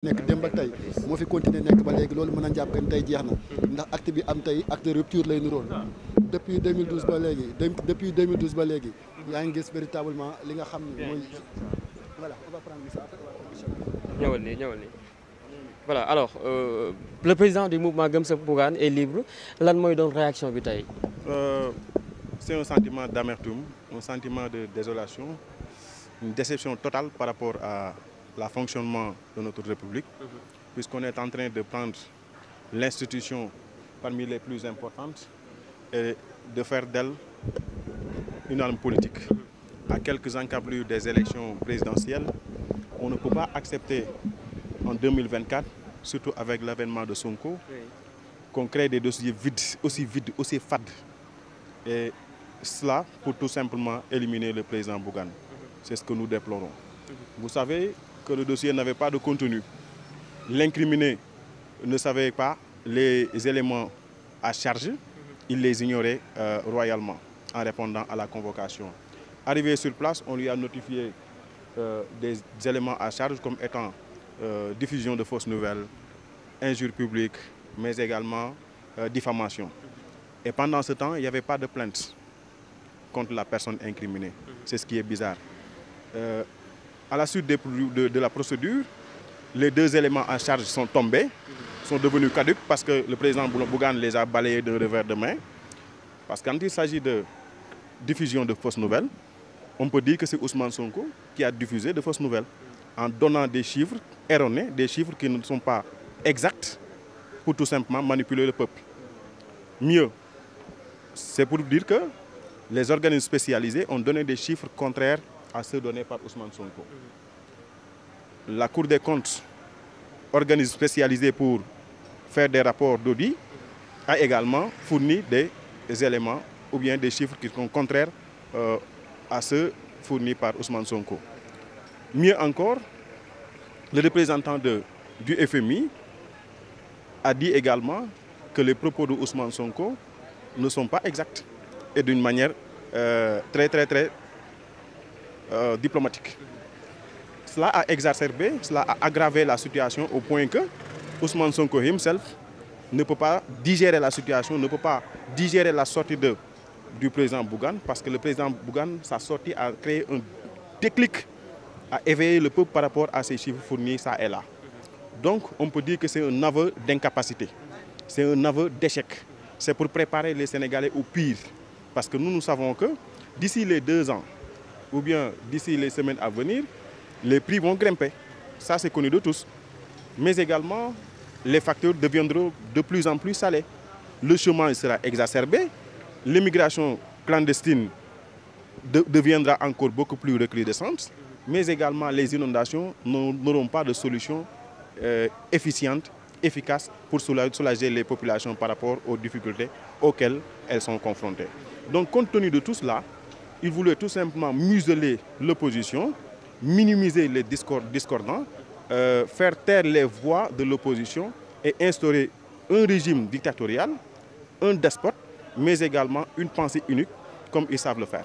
nekk démb ak tey moo fi continuer nekk ba léegi loolu mën a jàpp ni tey jeex na ndax acte bi am tey acte de rupture lay nuróol depuis 2012 ba léegi depuis 2012 ba léegi yaa ngi gis véritablement li nga xam ne mooy voilà on alors euh, le président du mouvement Gëm Sa Bougane est libre lan mooy doon réaction bi tey euh, c'est un sentiment d'amertume un sentiment de désolation une déception totale par rapport à le fonctionnement de notre République, mhm. puisqu'on est en train de prendre l'institution parmi les plus importantes et de faire d'elle une arme politique. À quelques encablures des élections présidentielles, on ne peut pas accepter en 2024, surtout avec l'avènement de Sonko, oui. qu'on crée des dossiers vides, aussi vides, aussi fades. Et cela pour simplement éliminer le président Bougan. Mhm. C'est que nous déplorons. Mhm. que le dossier n'avait pas de contenu. L'incriminé ne savait pas les éléments à charge, il les ignorait euh, royalement en répondant à la convocation. Arrivé sur place, on lui a notifié euh, des éléments à charge comme étant euh, diffusion de fausses nouvelles, injures publiques, mais également euh, diffamation. Et pendant ce temps, il n'y avait pas de plainte contre la personne incriminée. C'est ce qui est bizarre. Euh, à la suite des, de, de, la procédure, les deux éléments en charge sont tombés, sont devenus caducs parce que le président Bougan les a balayés d'un revers de main. Parce que quand il s'agit de diffusion de fausses nouvelles, on peut dire que c'est Ousmane Sonko qui a diffusé de fausses nouvelles en donnant des chiffres erronés, des chiffres qui ne sont pas exacts pour tout simplement manipuler le peuple. Mieux, c'est pour dire que les organismes spécialisés ont donné des chiffres contraires à ceux donnés par Ousmane Sonko. La Cour des comptes, organise spécialisé pour faire des rapports d'audit, a également fourni des éléments ou bien des chiffres qui sont contraires euh, à ceux fournis par Ousmane Sonko. Mieux encore, le représentant de, du FMI a dit également que les propos de Ousmane Sonko ne sont pas exacts et d'une manière euh, très très très euh, diplomatique. Cela a exacerbé, cela a aggravé la situation au point que Ousmane Sonko himself ne peut pas digérer la situation, ne peut pas digérer la sortie de, du président Bougane, parce que le président Bougane, sa sortie a créé un déclic, a éveillé le peuple par rapport à ces chiffres fournis, ça et là. Donc on peut dire que c'est un aveu d'incapacité, c'est un aveu d'échec. C'est pour préparer les Sénégalais au pire, parce que nous, nous savons que d'ici ou bien d'ici les semaines à venir, les prix vont grimper. Ça, c'est connu de tous. Mais également, les facteurs deviendront de plus en plus salés. Le chemin sera exacerbé, l'immigration clandestine de deviendra encore beaucoup plus recrudescente, mais également les inondations n'auront pas de solution euh, efficiente, efficace pour soulager les populations par rapport aux difficultés auxquelles elles sont confrontées. Donc compte de tout cela, il voulait tout simplement museler l'opposition, minimiser les discords discordants, euh, faire taire les voix de l'opposition et instaurer un régime dictatorial, un despote, mais également une pensée unique, comme ils savent le faire.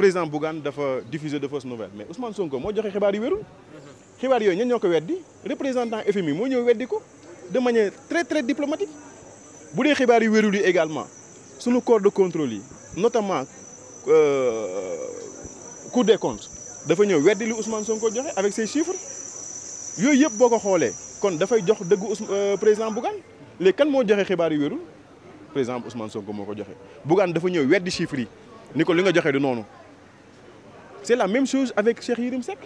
président Bougane dafa diffuser de fausses nouvelles mais son Sonko moo joxe xibaar yu wérul xibaar yooyu ñan ñoo ko weddi représentant FMI moo ñëw weddi ko de manière très très diplomatique bu dee xibaar yu wérul yi également suñu corps de contrôle yi notamment euh, Cour des comptes dafa ñëw weddi li Ousmane Sonko joxe avec ses yooyu yëpp boo ko xoolee kon dafay jox dëggu euh, président Bougane léegi kan moo joxe xibaar yu wérul président Ousmane Sonko moo ko joxe Bougane dafa ñëw weddi chiffres yi ni ko li nga joxe di noonu. c'est la même chose avec Cheikh Yérim Seck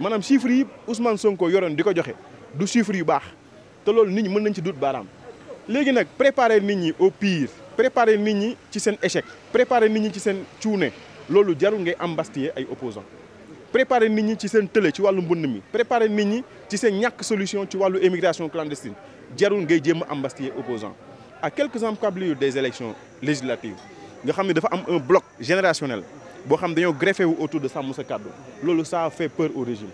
maanaam chiffres yi Ousmane Sonko yoroon di ko joxe du chiffres yu baax te loolu nit ñi mën nañ ci dut baaraam léegi nag préparer nit ñi au pire préparer nit ñi ci seen échec préparer nit ñi ci seen cuune loolu jarul ngay embastiller ay opposants préparer nit ñi ci seen tële ci wàllu mbënd mi préparer nit ñi ci seen ñàkk solution ci wàllu émigration clandestine jarul ngay jéem a embastiller opposant à quelques encablures des élections législatives nga xam ne dafa am un bloc générationnel boo xam dañoo greffé wu autour de sàmm sa kàddu loolu ça fait peur au régime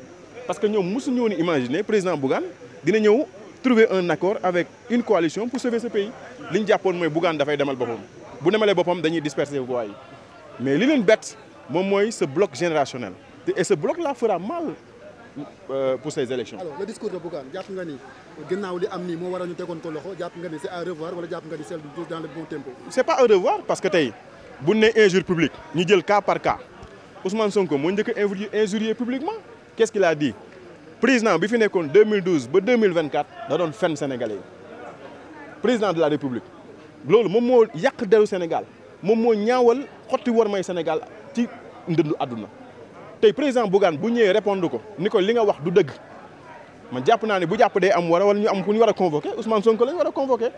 parce que ñoom mosuñu woon imaginer président Bougane dina ñëw trouver un accord avec une coalition pour sauver ce pays li ñu jàppoon mooy Bougane dafay demal boppam bu demalee boppam dañuy disperser voix yi mais li leen bett moom mooy ce bloc générationnel et ce bloc là fera mal euh, pour ces élections. alors le discours de Bougane jàpp nga ni ginnaaw li am nii moo waral ñu tegoon parce que tey. bu ne injure publique ñu jël cas par cas Ousmane Sonko moo njëkk a injurier publiquement qu'est-ce qu'il a dit président bi fi nekkoon 2012 ba 2024 da doon fen Sénégalais yi président de la république loolu moom moo yàq deru Sénégal moom moo ñaawal xotti war may Sénégal ci ndëndu àdduna tey président Bougane bu ñëwee répondre ko ni ko li nga wax du dëgg man jàpp naa ne bu jàpp day am war a wala ñu am ku ñu war a convoqué Ousmane Sonko la war a convoqué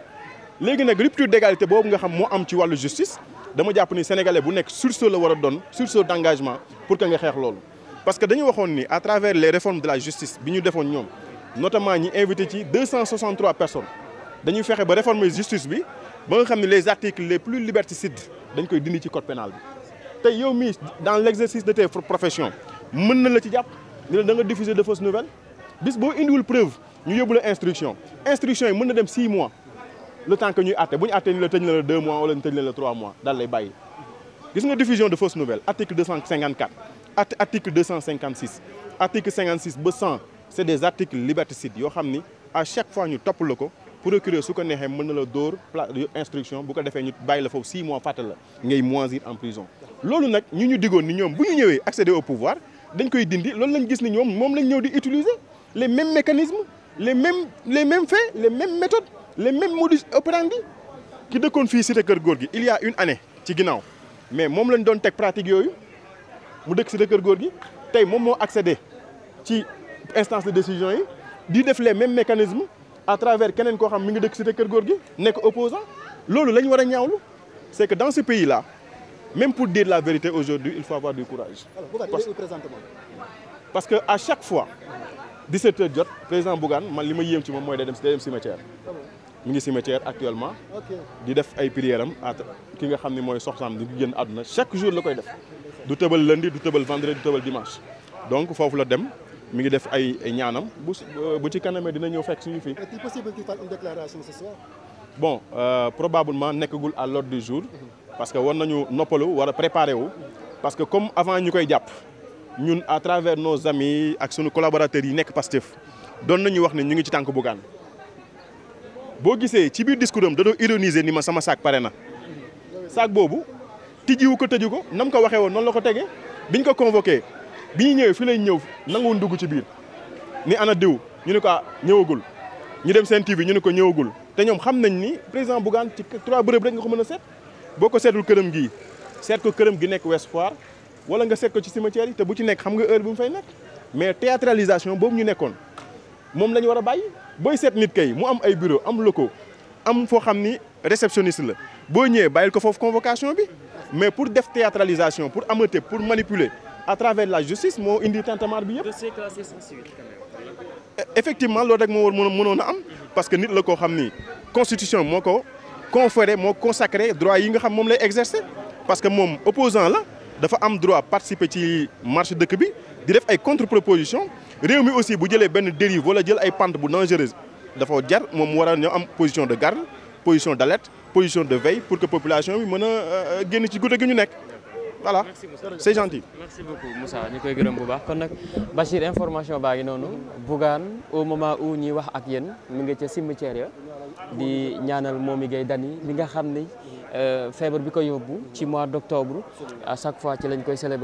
léegi nag rupture d'égalité boobu nga xam moo am ci wàllu justice dama jàpp ni sénégalais bu nekk sursaut la war a doon sursaut d'engagement pour que nga xeex loolu. parce que dañu waxoon ni à travers les réformes de la justice bi ñu defoon ñoom notamment ñi invité ci 263 personnes dañuy fexe ba réformer justice bi ba nga xam ne les articles les plus liberticides dañ koy dindi ci code pénal bi. tey yow mii dans l' exercice de tes professions mën na la ci jàpp ni la da nga de fausses nouvelles bis boo indiwul preuve ñu yóbbu la yi mën na dem 6 mois. le temps que ñuy àtte bu ñu àttee ni la tëj na la 2 mois wala ñu tëj na la 3 mois daal lay bàyyi. gis nga diffusion de fausses nouvelles article 254 art article 256 article 56 ba 100 c'est des articles liberticides yoo xam ni à chaque fois ñu topp la ko. procureur su ko neexee mën na la dóor pla instruction bu ko defee ñu bàyyi la foofu six mois fàttal la ngay moisir en prison loolu nag ñu ñu diggoon ni ñoom bu ñu ñëwee accéder au pouvoir moom lañ ñëw di utiliser les mêmes mécanismes les mêmes les mêmes faits les mêmes le même modus operandi ki dëkkoon fii si kër góor gi il y a une année ci ginnaaw mais moom lañ doon teg pratique yooyu mu dëkk cité kër góor gi tey moom moo accédé ci instance de décision yi di def les mêmes mécanismes à travers keneen koo xam mi ngi dëkk cité kër góor gi nekk opposant loolu la ñu war a ñaawlu c'est que dans ce pays là même pour dire la vérité aujourd'hui il faut avoir du courage. parce que à chaque fois 17h jot président Bougane man li ma yéem ci moom mooy day dem day mi ngi cimetière actuellement di def ay prières at ki nga xam ne mooy soxnaam di génn àdduna chaque jour la koy def du tëbal lundi du tëbal vendredi du tëbal dimanche donc foofu la dem mi ngi def ay ñaanam bu bu ci kanamee dina ñëw fekk suñu fii est bon euh, probablement nekkagul à l'ordre du jour mm-hmm. parce que war nañu noppalu war a préparer wu parce que comme avant ñu koy jàpp ñun à travers nos amis ak suñu collaborateurs yi nekk Pastef doon nañu wax ne ñu ngi ci tànk Bougane boo gisee ci biir discours am da doon ironiser ni ma sama saak pare na saak boobu tijjiwu ko tëju ko nam ko waxee woon noonu la ko tegee biñ ko convoqué bi ñu ñëwee fi lay ñëw nanguwul dugg ci biir ni ana diw ñu ne ko ah, ñëwagul ñu dem seen ñu ne ko ñëwagul te ñoom xam nañ ni président Bougane ci trois bërëb rek nga ko mën a seet boo ko seetul këram gii seet ko këram gi nekk Ouest Foire wala nga seet ko ci cimetière yi te bu ci nekk xam nga heure bi mu fay nekk mais théâtralisation boobu ñu nekkoon moom la ñu war a bàyyi booy seet nit kay mu am ay bureau am ko am foo xam ni réceptionniste la boo ñëwee bàyyil ko foofu convocation bi mais pour def théâtralisation pour ameuter pour manipuler à travers la justice moo indi tintamarre bi yëpp. dossier classé sans suite eh, effectivement loolu rek moo war mënoon a am parce que nit la koo xam ni constitution moo ko conféré moo consacré droit yi nga xam moom lay exercer parce que moom opposant la. dafa am droit participer ci marché dëkk bi di def ay contre proposition réew mi aussi bu jëlee benn dérive wala jël ay pente bu dangereuse dafa jar moom mu war a ñoo am position de garde position d' alerte position de veille pour que population bi mën a euh, euh, génn ci gudde gi ñu nekk voilà c' est gentil. merci beaucoup Moussa ñu koy gërëm bu baax kon nag Bachir information baa ngi noonu Bougane au moment où ñuy wax ak yéen mi ngi ca cimetière ya di ñaanal moom mi ngay dani li nga xam ni. feebar bi ko yóbbu ci mois d' octobre à chaque fois ci lañ koy célébrer.